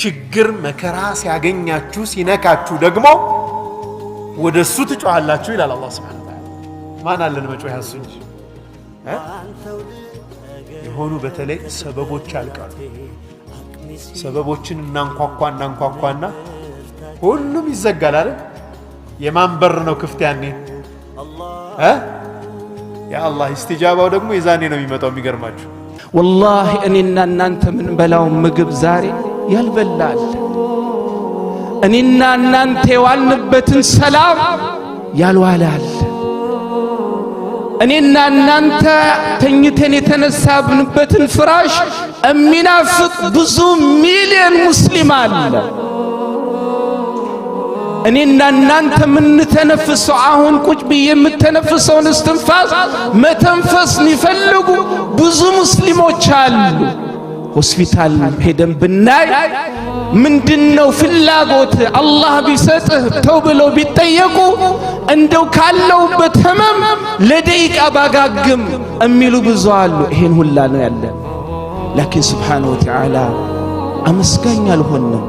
ችግር መከራ ሲያገኛችሁ ሲነካችሁ ደግሞ ወደ እሱ ትጮኻላችሁ ይላል አላህ ስብሓነ ወተዓላ። ማን አለን መጮህ ያሱ እንጂ የሆኑ በተለይ ሰበቦች ያልቃሉ። ሰበቦችን እናንኳኳ እናንኳኳና ሁሉም ይዘጋል አይደል? የማን በር ነው ክፍት ያኔ የአላህ ኢስቲጃባው ደግሞ የዛኔ ነው የሚመጣው። የሚገርማችሁ ወላሂ እኔና እናንተ ምን በላው ምግብ ዛሬ ያልበላል። እኔና እናንተ የዋልንበትን ሰላም ያልዋላል። እኔና እናንተ ተኝተን የተነሳብንበትን ፍራሽ እሚናፍቅ ብዙ ሚሊዮን ሙስሊም አለ። እኔና እናንተ የምንተነፍሰው አሁን ቁጭ ብዬ የምተነፍሰውን እስትንፋስ መተንፈስ የሚፈልጉ ብዙ ሙስሊሞች አሉ። ሆስፒታል ሄደን ብናይ ምንድነው ፍላጎት? አላህ ቢሰጥህ ተው ብለው ቢጠየቁ እንደው ካለውበት ህመም ለደቂቃ ባጋግም የሚሉ ብዙ አሉ። ይሄን ሁላ ነው ያለን። ላኪን ስብሓነ ወተዓላ አመስጋኝ አልሆንም።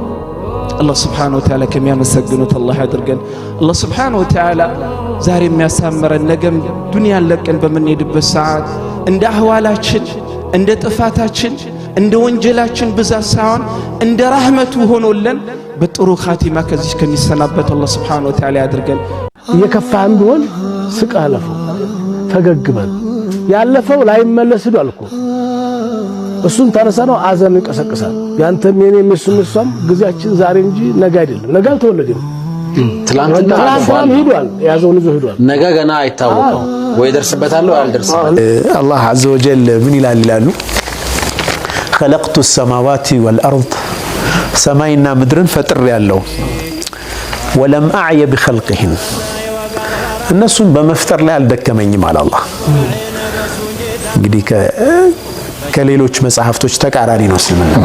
አላህ ስብሓነ ወተዓላ ከሚያመሰግኑት አላህ ያድርገን። አላህ ስብሓነ ወተዓላ ዛሬ የሚያሳምረን ነገም ዱንያን ለቀን በምንሄድበት ሰዓት እንደ አህዋላችን እንደ ጥፋታችን እንደ ወንጀላችን ብዛት ሳይሆን እንደ ራህመቱ ሆኖለን በጥሩ ኻቲማ ከዚህ ከሚሰናበት አላህ ስብሓነሁ ወተዓላ ያድርገን። እየከፋህም ቢሆን ስቅ አለፈው፣ ፈገግበል። ያለፈው ላይመለስ ሂዷል እኮ እሱን ታነሳ ነው አዘን ይቀሰቅሳል። ያንተም የኔ ምስም እሷም ጊዜያችን ዛሬ እንጂ ነገ አይደለም። ነገ አልተወለድም። ትላንትና ሂዷል፣ የያዘውን ይዞ ሂዷል። ነገ ገና አይታወቀው ወይ ደርስበታለሁ አልደርስ። አላህ አዘወጀል ምን ይላል ይላሉ ከለቅቱ ሰማዋት ወልአርድ ሰማይና ምድርን ፈጥር ያለው ወለም አዕየ ቢኸልቅህን እነሱን በመፍጠር ላይ አልደከመኝም አለ አላህ። እንግዲህ ከሌሎች መጽሐፍቶች ተቃራኒ ነው እስልምና።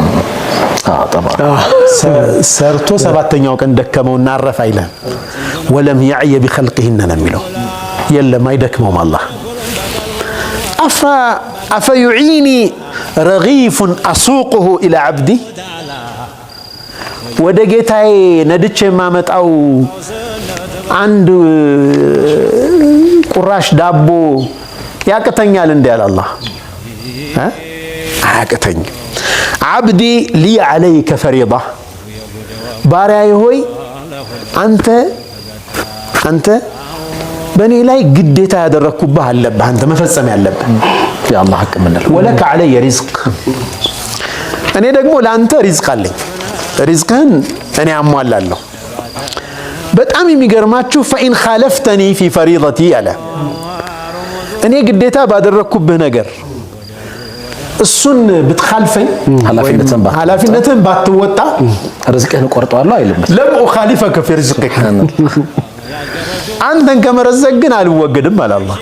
ሰርቶ ሰባተኛው ቀን ደከመውና አረፍ አይለም። ወለም ያዕየ ቢኸልቅህን ነው የሚለው። የለም አይደክመውም አላህ አፈ አፈ ዩዒኒ ረጊፉን አሱቁሁ ኢላ አብዲ ወደ ጌታዬ ነድቼ የማመጣው አንድ ቁራሽ ዳቦ ያቅተኛል እንዲ ያለ አላህ አያቅተኝ። ዓብዲ ሊ ዓለይከ ፈሪዳ ባሪያዬ ሆይ አንተ አንተ በእኔ ላይ ግዴታ ያደረግኩብህ አለብህ አንተ መፈጸም ያለብህ የአላህ ሐቅ የምንለው ወለከ ዓለየ ሪዝቅ እኔ ደግሞ ለአንተ ሪዝቅ አለኝ፣ ሪዝቅህን እኔ አሟላለሁ። በጣም የሚገርማችሁ ፈኢን ኻለፍተኒ ፊ ፈሪደቲ አለ እኔ ግዴታ ባደረግኩብህ ነገር እሱን ብትካልፈኝ ኃላፊነትን ባትወጣ ርዝቅህን እቆርጠዋለሁ አይልም። ለም ኡኻሊፈከ ፊ ርዝቅህ አንተን ከመረዘግ ግን አልወገድም አለ አላህ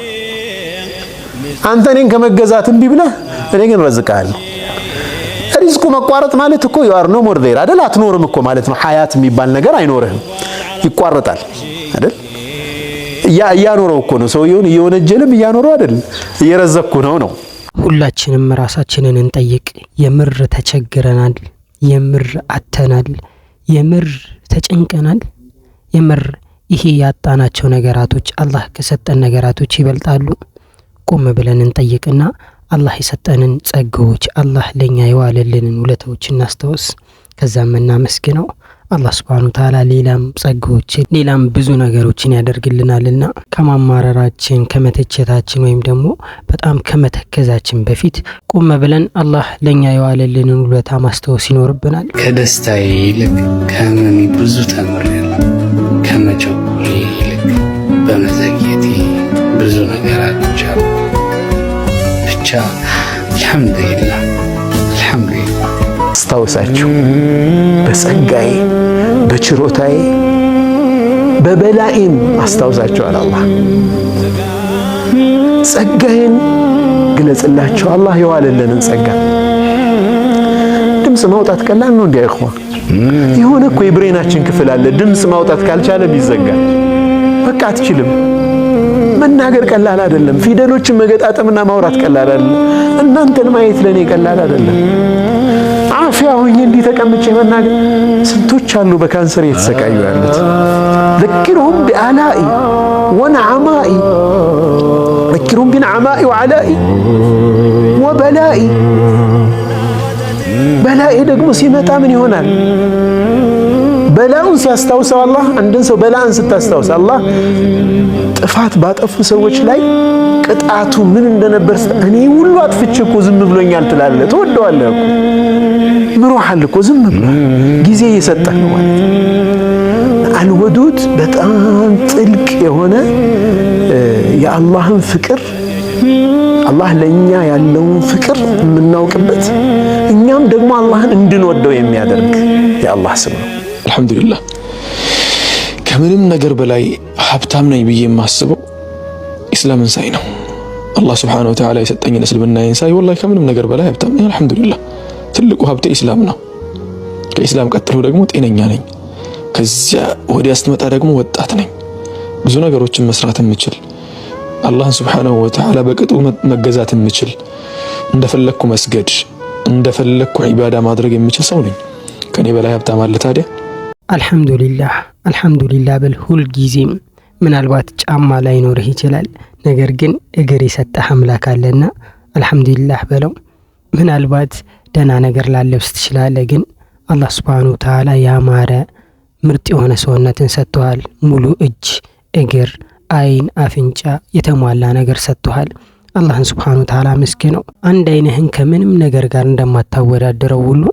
አንተ እኔን ከመገዛት እምቢ ብለህ እኔ ግን እረዝቅሃለሁ። ሪዝቁ መቋረጥ ማለት እኮ ዩ አር ኖ ሞር ዴር አይደል? አትኖርም እኮ ማለት ነው። ሀያት የሚባል ነገር አይኖርህም፣ ይቋረጣል አይደል? እያኖረው እኮ ነው ሰውየውን፣ እየወነጀልም እያኖረው አይደል? እየረዘቅኩ ነው ነው። ሁላችንም ራሳችንን እንጠይቅ። የምር ተቸግረናል፣ የምር አተናል፣ የምር ተጨንቀናል፣ የምር ይሄ ያጣናቸው ነገራቶች አላህ ከሰጠን ነገራቶች ይበልጣሉ። ቆም ብለን እንጠይቅና አላህ የሰጠንን ጸጋዎች አላህ ለእኛ የዋለልንን ውለታዎች እናስታውስ። ከዛም እናመስግነው። አላህ ስብሃነሁ ተዓላ ሌላም ጸጋዎችን ሌላም ብዙ ነገሮችን ያደርግልናልና ከማማረራችን ከመተቸታችን ወይም ደግሞ በጣም ከመተከዛችን በፊት ቆም ብለን አላህ ለእኛ የዋለልንን ውለታ ማስታወስ ይኖርብናል። ከደስታዬ ይልቅ ከህመሜ ብዙ ተምሬያለሁ። ከመቸኮሌ ይልቅ በመዘግየቴ ብዙ ነገር ብቻ አልሐምዱሊላ አልሐምዱሊላ። አስታውሳችሁ በጸጋዬ በችሮታዬ በበላይም አስታውሳችኋል። አላህ ጸጋዬን ግለጽላቸው። አላህ የዋለለንን ጸጋ ድምፅ ማውጣት ቀላል ነው። እንዲያ ይኸዋ የሆነ እኮ የብሬናችን ክፍል አለ ድምፅ ማውጣት ካልቻለ ይዘጋል። በቃ አትችልም መናገር ቀላል አይደለም። ፊደሎችን መገጣጠምና ማውራት ቀላል አይደለም። እናንተን ማየት ለእኔ ቀላል አይደለም። አፍያ ሆኜ እንዲህ ተቀምጬ መናገር ስንቶች አሉ በካንሰር የተሰቃዩ ያሉት። ዘክሩም ቢአላኢ ወነዓማኢ ዘክሩም ቢንዓማኢ ወዓላኢ ወበላኢ። በላኢ ደግሞ ሲመጣ ምን ይሆናል? በላውን ሲያስታውሰው አላህ አንድን ሰው በላን ስታስታውስ አላህ ጥፋት ባጠፉ ሰዎች ላይ ቅጣቱ ምን እንደነበር እኔ ሁሉ አጥፍቼ እኮ ዝም ብሎኛል ትላለ። ትወደዋለህ እኮ ምሮሃል እኮ ዝም ብሎ ጊዜ እየሰጠህ ነው ማለት አልወዱድ በጣም ጥልቅ የሆነ የአላህን ፍቅር አላህ ለእኛ ያለውን ፍቅር የምናውቅበት እኛም ደግሞ አላህን እንድንወደው የሚያደርግ የአላህ ስም ነው። አልሐምዱሊላህ። ከምንም ነገር በላይ ሀብታም ነኝ ብዬ የማስበው ኢስላምን ሳይ ነው። አላህ ስብሐነሁ ወተዓላ የሰጠኝን እስልምናዬን ሳይ ወላሂ ከምንም ነገር በላይ ሀብታም ነኝ። አልሐምዱሊላህ ትልቁ ሀብቴ ኢስላም ነው። ከኢስላም ቀጥሎ ደግሞ ጤነኛ ነኝ። ከዚያ ወዲያ ስትመጣ ደግሞ ወጣት ነኝ። ብዙ ነገሮችን መስራት የምችል አላህን ስብሐነሁ ወተዓላ በቅጡ መገዛት የምችል እንደፈለግኩ መስገድ እንደፈለግኩ ዒባዳ ማድረግ የምችል ሰው ነኝ። ከኔ በላይ ሀብታም አለ ታዲያ? አልሐምዱሊላህ አልሐምዱሊላህ በል ሁልጊዜም። ምናልባት ጫማ ላይኖርህ ይችላል፣ ነገር ግን እግር የሰጠህ አምላክ አለና አልሐምዱሊላህ በለው። ምናልባት ደህና ነገር ላለብስ ትችላለህ፣ ግን አላህ ስብሓነሁ ተዓላ ያማረ ምርጥ የሆነ ሰውነትን ሰጥቶሃል። ሙሉ እጅ፣ እግር፣ አይን፣ አፍንጫ የተሟላ ነገር ሰጥቶሃል። አላህን ስብሓነሁ ተዓላ ምስኪ ነው። አንድ አይንህን ከምንም ነገር ጋር እንደማታወዳደረው ሁሉ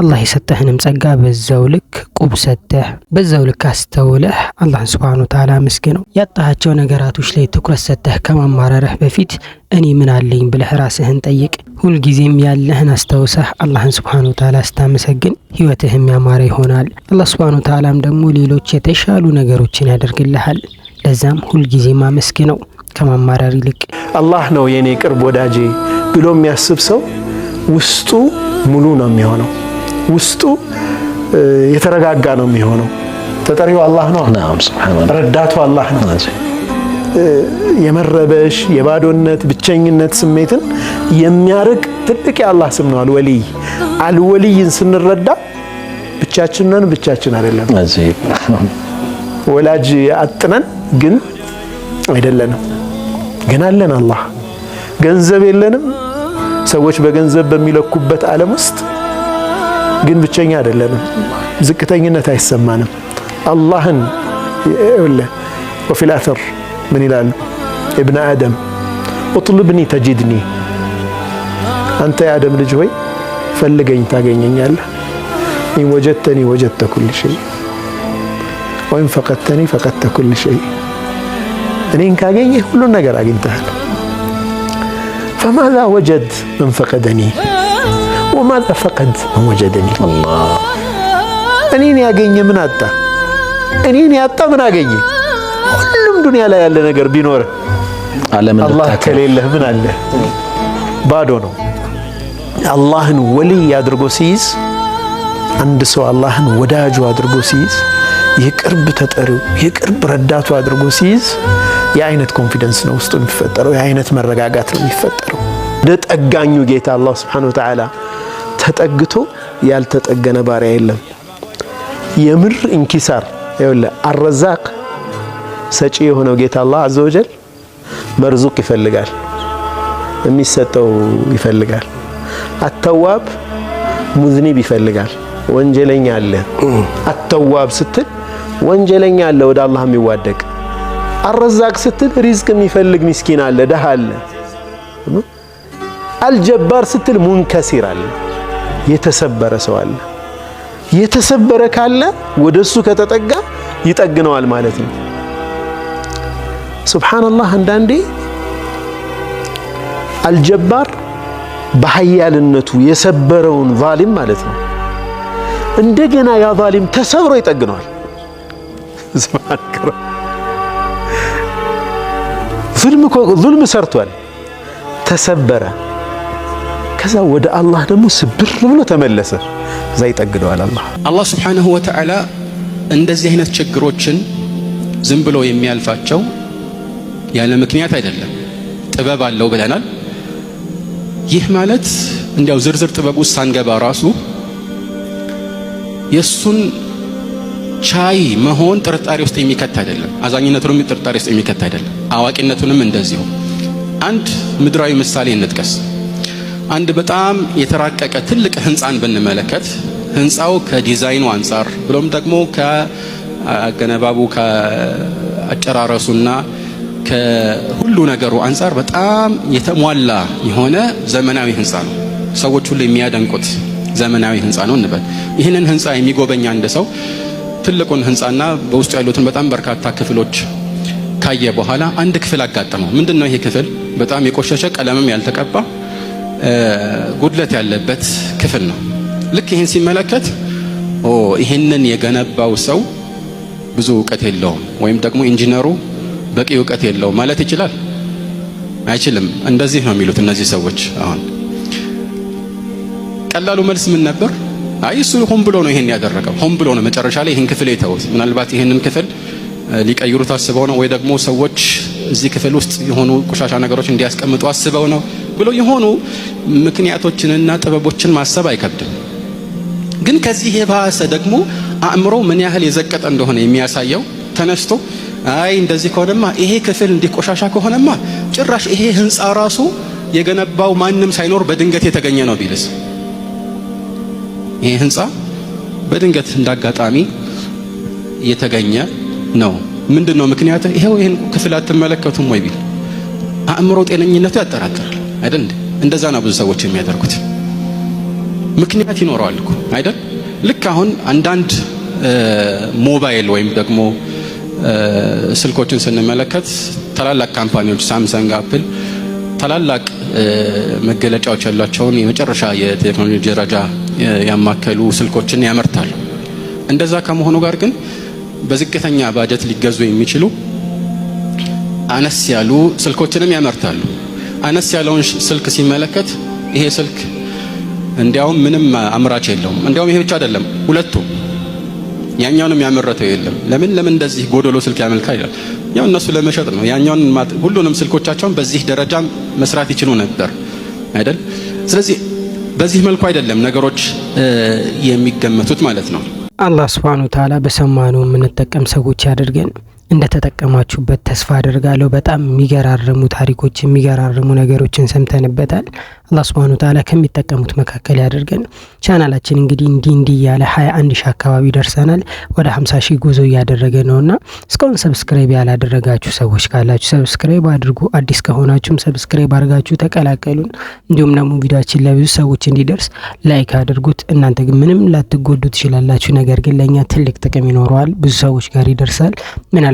አላህ የሰጠህንም ጸጋ በዛው ልክ ቁብ ሰተህ በዛው ልክ አስተውለህ አላህን ስብሃነ ተዓላ መስገነው። ያጣሃቸው ነገራቶች ላይ ትኩረት ሰተህ ከማማረርህ በፊት እኔ ምን አለኝ ብለህ ራስህን ጠይቅ። ሁልጊዜም ያለህን አስታውሰህ አላህን ስብሃነ ተዓላ ስታመሰግን ህይወትህም ያማረ ይሆናል። አላህ ስብሃነ ተዓላም ደግሞ ሌሎች የተሻሉ ነገሮችን ያደርግልሃል። ለዛም ሁልጊዜም አመስግነው ከማማረር ይልቅ። አላህ ነው የእኔ ቅርብ ወዳጄ ብሎ የሚያስብ ሰው ውስጡ ሙሉ ነው የሚሆነው። ውስጡ የተረጋጋ ነው የሚሆነው። ተጠሪው አላህ ነው፣ ረዳቱ አላህ ነው። የመረበሽ የባዶነት ብቸኝነት ስሜትን የሚያርቅ ትልቅ የአላህ ስም ነው አልወልይ። አልወልይን ስንረዳ ብቻችንን ብቻችን አይደለም፣ ወላጅ አጥነን ግን አይደለንም፣ ግን አለን አላህ። ገንዘብ የለንም ሰዎች በገንዘብ በሚለኩበት ዓለም ውስጥ ግን ብቸኛ አይደለንም። ዝቅተኝነት አይሰማንም። አላህን ወፊል አተር ምን ይላሉ እብነ አደም ኡጥልብኒ ተጅድኒ አንተ የአደም ልጅ ሆይ ፈልገኝ ታገኘኛለህ። ኢን ወጀድተኒ ወጀድተ ኩል ሸይ ወይም ፈቀድተኒ ፈቀድተ ኩል ሸይ፣ እኔን ካገኘህ ሁሉን ነገር አግኝተሃል። ፈማዛ ወጀድ መንፈቀደኒ ወማጣ ፈቀድ መወጀደኒ እኔን ያገኘ ምን አጣ? እኔን ያጣ ምን አገኘ? ሁሉም ዱንያ ላይ ያለ ነገር ቢኖር አላህ ከሌለህ ምን አለ? ባዶ ነው። አላህን ወልይ አድርጎ ሲይዝ አንድ ሰው አላህን ወዳጁ አድርጎ ሲይዝ የቅርብ ተጠሪው የቅርብ ረዳቱ አድርጎ ሲይዝ የአይነት ኮንፊደንስ ነው ውስጡ የሚፈጠረው፣ የአይነት መረጋጋት ነው የሚፈጠረው። ለጠጋኙ ጌታ አላህ ስብሓነሁ ወተዓላ ተጠግቶ ያልተጠገነ ባሪያ የለም። የምር እንኪሳር ይወለ አረዛቅ ሰጪ የሆነው ጌታ አላህ አዘወጀል መርዙቅ ይፈልጋል፣ የሚሰጠው ይፈልጋል። አተዋብ ሙዝኒብ ይፈልጋል፣ ወንጀለኛ አለ። አተዋብ ስትል ወንጀለኛ አለ ወደ አላህ የሚዋደቅ አረዛቅ ስትል ሪዝቅ የሚፈልግ ሚስኪን አለ፣ ደሃ አለ። አልጀባር ስትል ሙንከሲር አለ። የተሰበረ ሰው አለ። የተሰበረ ካለ ወደሱ ከተጠጋ ይጠግነዋል ማለት ነው። ሱብሓነላህ አንዳንዴ አልጀባር በሀያልነቱ የሰበረውን ዛሊም ማለት ነው። እንደገና ያ ዛሊም ተሰብሮ ይጠግነዋል። ዙልም ሰርቷል፣ ተሰበረ። ከዛ ወደ አላህ ደግሞ ስብር ብሎ ተመለሰ። እዛ ይጠግደዋል አላህ። አላህ ስብሓነሁ ወተዓላ እንደዚህ አይነት ችግሮችን ዝም ብሎ የሚያልፋቸው ያለ ምክንያት አይደለም፣ ጥበብ አለው ብለናል። ይህ ማለት እንዲያው ዝርዝር ጥበብ ውስጥ ሳንገባ ራሱ የእሱን ቻይ መሆን ጥርጣሬ ውስጥ የሚከት አይደለም። አዛኝነቱንም ጥርጣሬ ውስጥ የሚከት አይደለም። አዋቂነቱንም እንደዚሁ። አንድ ምድራዊ ምሳሌ እንጥቀስ። አንድ በጣም የተራቀቀ ትልቅ ህንፃን ብንመለከት ህንፃው ከዲዛይኑ አንጻር ብሎም ደግሞ ከአገነባቡ ከአጨራረሱና ከሁሉ ነገሩ አንጻር በጣም የተሟላ የሆነ ዘመናዊ ህንፃ ነው። ሰዎች ሁሉ የሚያደንቁት ዘመናዊ ህንፃ ነው እንበል። ይህንን ህንፃ የሚጎበኝ አንድ ሰው ትልቁን ህንፃና በውስጡ ያሉትን በጣም በርካታ ክፍሎች ካየ በኋላ አንድ ክፍል አጋጠመው። ምንድን ነው ይሄ ክፍል? በጣም የቆሸሸ ቀለምም ያልተቀባ ጉድለት ያለበት ክፍል ነው። ልክ ይህን ሲመለከት ይህንን የገነባው ሰው ብዙ እውቀት የለውም ወይም ደግሞ ኢንጂነሩ በቂ እውቀት የለውም ማለት ይችላል? አይችልም። እንደዚህ ነው የሚሉት እነዚህ ሰዎች። አሁን ቀላሉ መልስ ምን ነበር? አይ እሱ ሆን ብሎ ነው ይሄን ያደረገው፣ ሆን ብሎ ነው። መጨረሻ ላይ ይህን ክፍል የተውት ምናልባት ይህንን ክፍል ሊቀይሩት አስበው ነው ወይ ደግሞ ሰዎች እዚህ ክፍል ውስጥ የሆኑ ቆሻሻ ነገሮች እንዲያስቀምጡ አስበው ነው ብለው የሆኑ ምክንያቶችንና ጥበቦችን ማሰብ አይከብድም። ግን ከዚህ የባሰ ደግሞ አእምሮ ምን ያህል የዘቀጠ እንደሆነ የሚያሳየው ተነስቶ አይ እንደዚህ ከሆነማ ይሄ ክፍል እንዲህ ቆሻሻ ከሆነማ ጭራሽ ይሄ ህንፃ ራሱ የገነባው ማንም ሳይኖር በድንገት የተገኘ ነው ቢልስ ይሄ ህንፃ በድንገት እንዳጋጣሚ የተገኘ ነው። ምንድን ነው ምክንያት? ይሄው ይህን ክፍል አትመለከቱም ወይ ቢል አእምሮ ጤነኝነቱ ያጠራጥራል። አይደል? እንደዛ ነው ብዙ ሰዎች የሚያደርጉት። ምክንያት ይኖረዋል እኮ አይደል? ልክ አሁን አንዳንድ ሞባይል ወይም ደግሞ ስልኮችን ስንመለከት ታላላቅ ካምፓኒዎች ሳምሰንግ፣ አፕል ታላላቅ መገለጫዎች ያሏቸውን የመጨረሻ የቴክኖሎጂ ደረጃ ያማከሉ ስልኮችን ያመርታሉ። እንደዛ ከመሆኑ ጋር ግን በዝቅተኛ ባጀት ሊገዙ የሚችሉ አነስ ያሉ ስልኮችንም ያመርታሉ። አነስ ያለውን ስልክ ሲመለከት ይሄ ስልክ እንዲያውም ምንም አምራች የለውም። እንዲያውም ይሄ ብቻ አይደለም፣ ሁለቱ ያኛውንም ያመረተው የለም። ለምን ለምን እንደዚህ ጎደሎ ስልክ ያመልካ ይላል። ያው እነሱ ለመሸጥ ነው። ያኛውን ሁሉንም ስልኮቻቸውን በዚህ ደረጃ መስራት ይችሉ ነበር አይደል? ስለዚህ በዚህ መልኩ አይደለም ነገሮች የሚገመቱት ማለት ነው። አላህ ስብሐነሁ ወተዓላ በሰማነው የምንጠቀም ሰዎች ያደርገን። እንደተጠቀማችሁበት ተስፋ አደርጋለሁ። በጣም የሚገራርሙ ታሪኮች፣ የሚገራርሙ ነገሮችን ሰምተንበታል። አላህ ስብሃነ ተዓላ ከሚጠቀሙት መካከል ያደርገን። ቻናላችን እንግዲህ እንዲህ እንዲህ እያለ አንድ ሺህ አካባቢ ደርሰናል። ወደ ሀምሳ ሺህ ጉዞ እያደረገ ነውና እስካሁን ሰብስክራይብ ያላደረጋችሁ ሰዎች ካላችሁ ሰብስክራይብ አድርጉ። አዲስ ከሆናችሁም ሰብስክራይብ አድርጋችሁ ተቀላቀሉን። እንዲሁም ደግሞ ቪዲዮችን ለብዙ ሰዎች እንዲደርስ ላይክ አድርጉት። እናንተ ግን ምንም ላትጎዱ ትችላላችሁ። ነገር ግን ለእኛ ትልቅ ጥቅም ይኖረዋል፣ ብዙ ሰዎች ጋር ይደርሳል።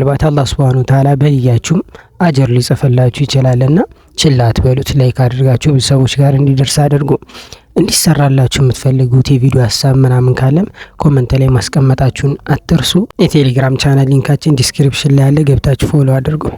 ምናልባት አላህ ስብሃኑ ተዓላ በህያችሁም አጀር ሊጽፈላችሁ ይችላልና ችላ አትበሉት። ላይክ አድርጋችሁ ብዙ ሰዎች ጋር እንዲደርስ አድርጉ። እንዲሰራላችሁ የምትፈልጉት የቪዲዮ ሀሳብ ምናምን ካለም ኮመንት ላይ ማስቀመጣችሁን አትርሱ። የቴሌግራም ቻናል ሊንካችን ዲስክሪፕሽን ላይ ያለ ገብታችሁ ፎሎ አድርጉ።